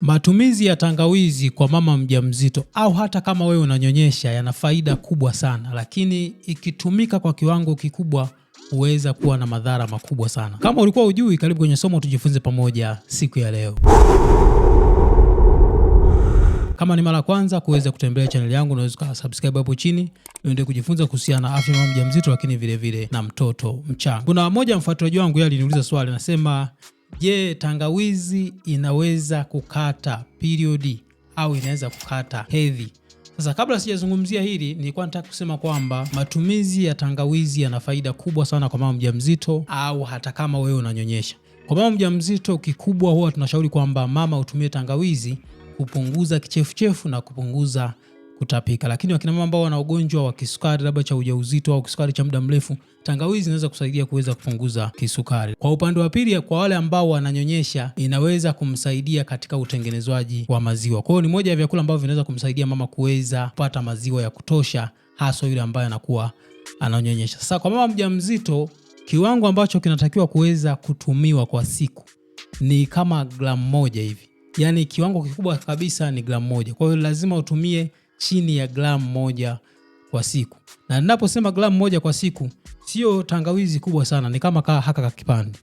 Matumizi ya tangawizi kwa mama mjamzito au hata kama wewe unanyonyesha yana faida kubwa sana, lakini ikitumika kwa kiwango kikubwa huweza kuwa na madhara makubwa sana. Kama ulikuwa hujui, karibu kwenye somo tujifunze pamoja siku ya leo. Kama ni mara kwanza kuweza kutembelea chaneli yangu, unaweza subscribe hapo chini uende kujifunza kuhusiana na afya mama mjamzito, lakini vile vile na mtoto mchanga. Kuna moja mfuatiliaji wangu yeye aliniuliza swali, anasema Je, tangawizi inaweza kukata periodi au inaweza kukata hedhi? Sasa kabla sijazungumzia hili, nilikuwa nataka kusema kwamba matumizi ya tangawizi yana faida kubwa sana kwa mama mjamzito au hata kama wewe unanyonyesha. Kwa mama mjamzito, kikubwa huwa tunashauri kwamba mama utumie tangawizi kupunguza kichefuchefu na kupunguza kutapika. Lakini mama ambao wana ugonjwa wa kisukari labda cha ujauzito au kisukari cha muda mrefu, tangawizi inaweza kusaidia kuweza kupunguza kisukari. Kwa upande wa pili, kwa wale ambao wananyonyesha, inaweza kumsaidia katika utengenezwaji wa maziwa. Kwa hiyo ni moja ya vyakula ambavyo vinaweza kumsaidia mama kuweza kupata maziwa ya kutosha, hasa yule ambaye anakuwa ananyonyesha. Sasa kwa mama mjamzito, kiwango ambacho kinatakiwa kuweza kutumiwa kwa siku ni kama gramu moja hivi, yaani kiwango kikubwa kabisa ni gramu moja. Kwa hiyo lazima utumie chini ya gramu moja kwa siku, na ninaposema gramu moja kwa siku sio tangawizi kubwa sana, ni kama kaa haka kipande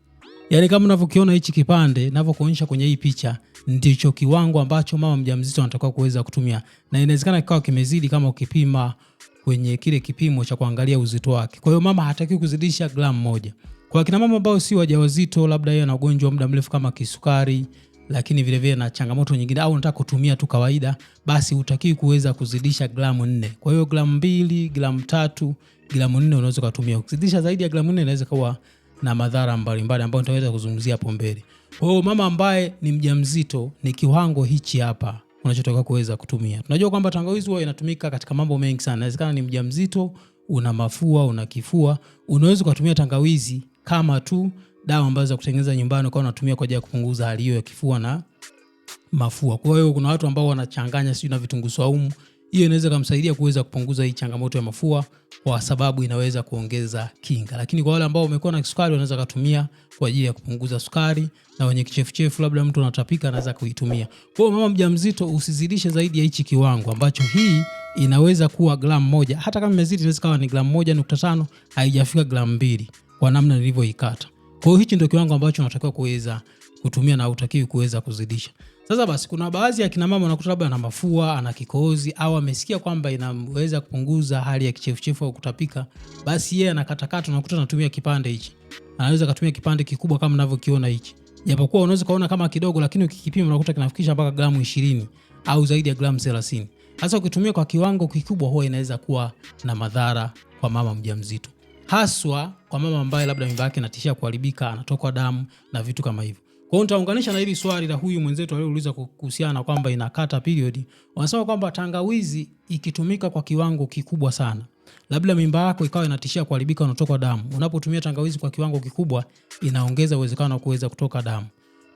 Yaani kama unavyokiona hichi kipande ninavyokuonyesha kwenye hii picha ndicho kiwango ambacho mama mjamzito anatakiwa kuweza kutumia, na inawezekana kikawa kimezidi kama ukipima kwenye kile kipimo cha kuangalia uzito wake. Kwa hiyo mama hatakiwi kuzidisha gramu moja. Kwa kina mama ambao si wajawazito, labda yeye ana ugonjwa muda mrefu kama kisukari lakini vilevile na changamoto nyingine, au unataka kutumia tu kawaida, basi hutakiwi kuweza kuzidisha gramu nne. Kwa hiyo gramu mbili, gramu tatu, gramu nne unaweza ukatumia. Ukizidisha zaidi ya gramu nne inaweza kuwa na madhara mbalimbali ambayo nitaweza kuzungumzia hapo mbele. Kwa hiyo mama ambaye ni mjamzito, ni kiwango hichi hapa unachotaka kuweza kutumia. Tunajua kwamba tangawizi huwa inatumika katika mambo mengi sana. Inawezekana ni mjamzito, una mafua, una kifua, unaweza ukatumia tangawizi kama tu dawa ambazo za kutengeneza nyumbani kwa unatumia kwa ajili ya kupunguza hali hiyo ya kifua na mafua. Kwa hiyo kuna watu ambao wanachanganya sijui na vitunguu saumu, hiyo inaweza kumsaidia kuweza kupunguza hii changamoto ya mafua, kwa sababu inaweza kuongeza kinga. Lakini kwa wale ambao wamekuwa na kisukari, wanaweza kutumia kwa ajili ya kupunguza sukari, na wenye kichefuchefu, labda mtu anatapika, anaweza kuitumia. Kwa hiyo mama mjamzito, usizidishe zaidi ya hichi kiwango ambacho hii inaweza kuwa gramu moja. Hata kama imezidi, inaweza kawa ni gramu moja nukta tano haijafika gramu mbili, kwa namna nilivyoikata. Kwa hiyo hichi ndio kiwango ambacho unatakiwa kuweza kutumia na utakiwi kuweza kuzidisha. Sasa basi, kuna baadhi ya kina mama unakuta labda ana mafua, ana kikohozi au amesikia kwamba inaweza kupunguza hali ya kichefuchefu au kutapika, basi yeye anakatakata, unakuta anatumia kipande hichi, anaweza kutumia kipande kikubwa kama ninavyokiona hichi, japokuwa unaweza kuona kama kidogo, lakini ukikipima unakuta kinafikisha mpaka gramu 20 au zaidi ya gramu 30. Sasa ukitumia kwa kiwango kikubwa, huwa inaweza kuwa na madhara kwa mama mjamzito haswa kwa mama ambaye labda mimba yake inatishia kuharibika, anatokwa damu na vitu kama hivyo. Kwa hiyo nitaunganisha na hili swali la huyu mwenzetu aliyouliza kuhusiana na kwamba inakata period. Wanasema kwamba tangawizi ikitumika kwa kiwango kikubwa sana, labda mimba yako ikawa inatishia kuharibika, unatokwa damu. Unapotumia tangawizi kwa kiwango kikubwa, inaongeza uwezekano wa kuweza kutoka damu,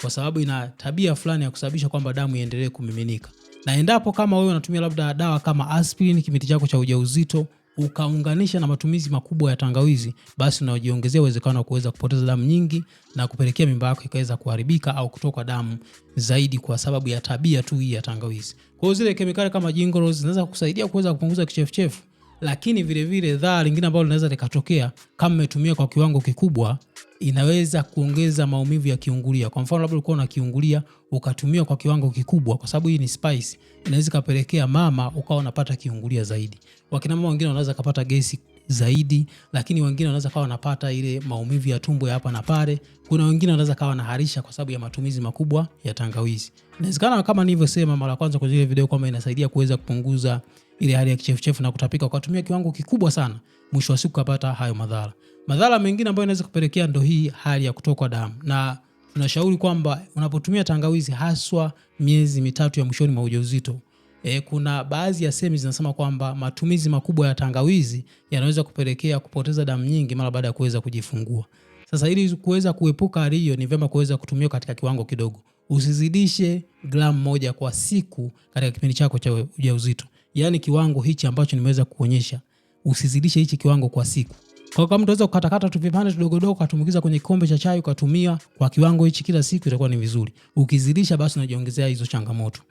kwa sababu ina tabia fulani ya kusababisha kwamba damu iendelee kumiminika. Na endapo kama wewe unatumia labda dawa kama aspirin, kimiti chako cha ujauzito ukaunganisha na matumizi makubwa ya tangawizi, basi unajiongezea uwezekano wa kuweza kupoteza damu nyingi na kupelekea mimba yako ikaweza kuharibika au kutoka damu zaidi kwa sababu ya tabia tu hii ya tangawizi. Kwa hiyo zile kemikali kama zinaweza kukusaidia kuweza kupunguza kichefuchefu lakini vilevile dhaa lingine ambalo linaweza likatokea kama imetumia kwa kiwango kikubwa inaweza kuongeza maumivu ya kiungulia. Kwa mfano, labda ulikuwa na kiungulia ukatumia kwa kiwango kikubwa, kwa sababu hii ni spice, inaweza ikapelekea mama ukawa unapata kiungulia zaidi. Wakina mama wengine wanaweza kapata gesi zaidi, lakini wengine wanaweza kawa wanapata ile maumivu ya tumbo ya hapa na pale. Kuna wengine wanaweza kawa wanaharisha kwa sababu ya matumizi makubwa ya tangawizi. Inawezekana kama nilivyosema mara kwanza kwenye ile video kwamba inasaidia kuweza kupunguza ile hali ya kichefuchefu na kutapika ukatumia kiwango kikubwa sana, mwisho wa siku kapata hayo madhara. Madhara mengine ambayo inaweza kupelekea ndo hii hali ya kutokwa damu, na tunashauri kwamba unapotumia tangawizi haswa miezi mitatu ya mwishoni mwa ujauzito E, kuna baadhi ya semi zinasema kwamba matumizi makubwa ya tangawizi yanaweza kupelekea kupoteza damu nyingi mara baada ya kuweza kujifungua. Sasa ili kuweza kuepuka hali hiyo, ni vyema kuweza kutumia katika kiwango kidogo. Usizidishe gramu moja kwa siku katika kipindi chako cha ujauzito, yaani kiwango hichi ambacho nimeweza kuonyesha, usizidishe hichi kiwango kwa siku. Kwa kama mtaweza kukatakata tu vipande vidogodogo ukatumikiza kwenye kikombe cha chai ukatumia kwa kiwango hichi kila siku, itakuwa ni vizuri. Ukizidisha basi unajiongezea hizo changamoto.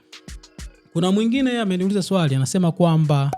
Kuna mwingine ameniuliza swali anasema kwamba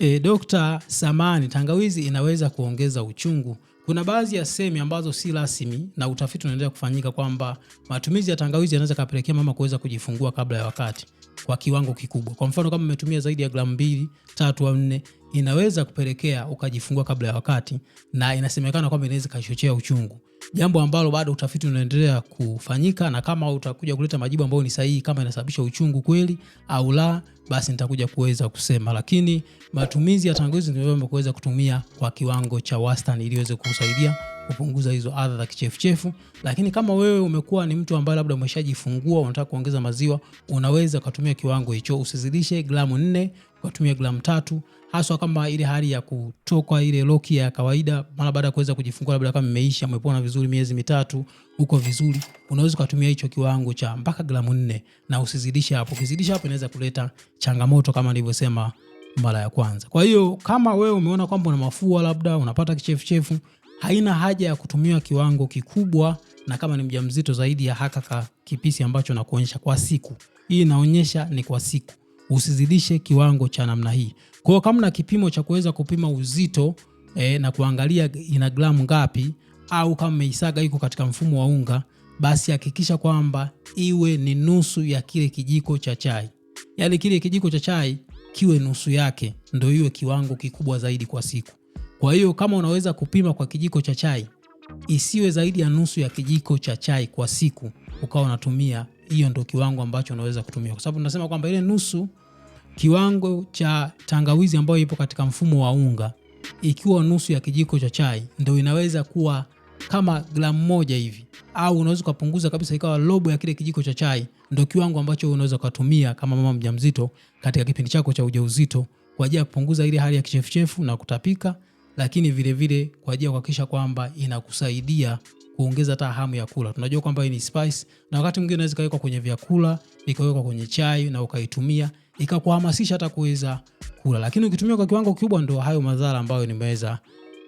e, Dokta Samani, tangawizi inaweza kuongeza uchungu? Kuna baadhi ya semi ambazo si rasmi na utafiti unaendelea kufanyika kwamba matumizi ya tangawizi yanaweza kapelekea mama kuweza kujifungua kabla ya wakati kwa kiwango kikubwa. Kwa mfano, kama umetumia zaidi ya gramu mbili, tatu au nne, inaweza kupelekea ukajifungua kabla ya wakati, na inasemekana kwamba inaweza ikachochea uchungu, jambo ambalo bado utafiti unaendelea kufanyika, na kama utakuja kuleta majibu ambayo ni sahihi, kama inasababisha uchungu kweli au la, basi nitakuja kuweza kusema. Lakini matumizi ya tangawizi ndio kuweza kutumia kwa kiwango cha wastani ili iweze kusaidia kupunguza hizo adha za kichefuchefu. Lakini kama wewe umekuwa ni mtu ambaye labda umeshajifungua unataka kuongeza maziwa, unaweza ukatumia kiwango hicho, usizidishe gramu nne, ukatumia gramu tatu, haswa kama ile hali ya kutoka ile loki ya kawaida mara baada ya kuweza kujifungua, labda kama imeisha, umepona vizuri, miezi mitatu uko vizuri, unaweza ukatumia hicho kiwango cha mpaka gramu nne na usizidishe hapo. Ukizidisha hapo inaweza kuleta changamoto kama nilivyosema mara ya kwanza. Kwa hiyo kama wewe umeona kwamba una mafua labda unapata kichefuchefu, haina haja ya kutumia kiwango kikubwa, na kama ni mjamzito zaidi ya haka kipisi ambacho nakuonyesha kwa siku hii, inaonyesha ni kwa siku, usizidishe kiwango cha namna hii. Kwa hiyo kama na kipimo cha kuweza kupima uzito e, na kuangalia ina gramu ngapi, au kama meisaga iko katika mfumo wa unga, basi hakikisha kwamba iwe ni nusu ya kile kijiko cha chai, yaani kile kijiko cha chai kiwe nusu yake, ndio iwe kiwango kikubwa zaidi kwa siku. Kwa hiyo kama unaweza kupima kwa kijiko cha chai, isiwe zaidi ya nusu ya kijiko cha chai kwa siku ukawa unatumia. Hiyo ndio kiwango ambacho unaweza kutumia, kwa sababu tunasema kwamba ile nusu kiwango cha tangawizi ambayo ipo katika mfumo wa unga, ikiwa nusu ya kijiko cha chai ndio inaweza kuwa kama gramu moja hivi, au unaweza ukapunguza kabisa ikawa robo ya kile kijiko cha chai. Ndio kiwango ambacho unaweza ukatumia kama mama mjamzito katika kipindi chako cha ujauzito kwa ajili ya kupunguza ile hali ya kichefuchefu na kutapika lakini vilevile kwa ajili ya kuhakikisha kwamba inakusaidia kuongeza hata hamu ya kula. Tunajua kwamba hii ni spice, na wakati mwingine unaweza ikawekwa kwenye vyakula, ikawekwa kwenye chai na ukaitumia ikakuhamasisha hata kuweza kula, lakini ukitumia kwa kiwango kikubwa, ndo hayo madhara ambayo nimeweza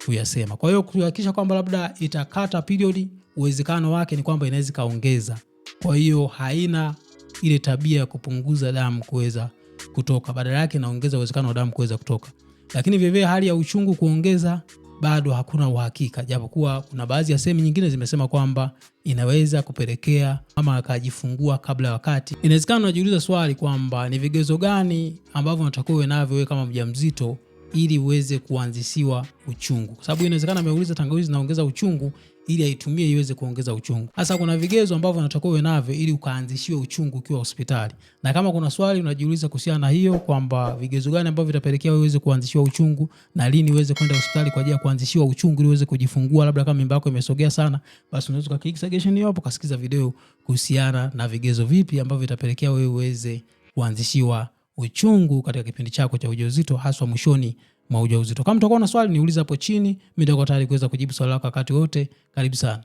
kuyasema. Kwa hiyo kuhakikisha kwamba labda itakata period, uwezekano wake ni kwamba inaweza ikaongeza. Kwa hiyo haina ile tabia ya kupunguza damu kuweza kutoka, badala yake inaongeza uwezekano wa damu kuweza kutoka lakini vilevile hali ya uchungu kuongeza bado hakuna uhakika, japokuwa kuna baadhi ya sehemu nyingine zimesema kwamba inaweza kupelekea ama akajifungua kabla ya wakati. Inawezekana unajiuliza swali kwamba ni vigezo gani ambavyo unatakiwa uwe navyo wewe kama mjamzito ili uweze kuanzishiwa uchungu, kwa sababu inawezekana ameuliza tangawizi zinaongeza uchungu, ili aitumie iweze kuongeza uchungu. Sasa kuna vigezo ambavyo unatakiwa uwe navyo ili ukaanzishiwe uchungu ukiwa hospitali, na kama kuna swali unajiuliza kuhusiana na hiyo kwamba vigezo gani ambavyo vitapelekea wewe uweze kuanzishiwa uchungu na lini uweze kwenda hospitali kwa ajili ya kuanzishiwa uchungu ili uweze kujifungua, labda kama mimba yako imesogea sana, basi unaweza kuklik suggestion hiyo hapo, kasikiza video kuhusiana na vigezo vipi ambavyo vitapelekea wewe uweze kuanzishiwa uchungu katika kipindi chako cha ujauzito, haswa mwishoni mwa ujauzito. Kama utakuwa na swali niuliza hapo chini, mimi nitakuwa tayari kuweza kujibu swali lako wakati wote. Karibu sana.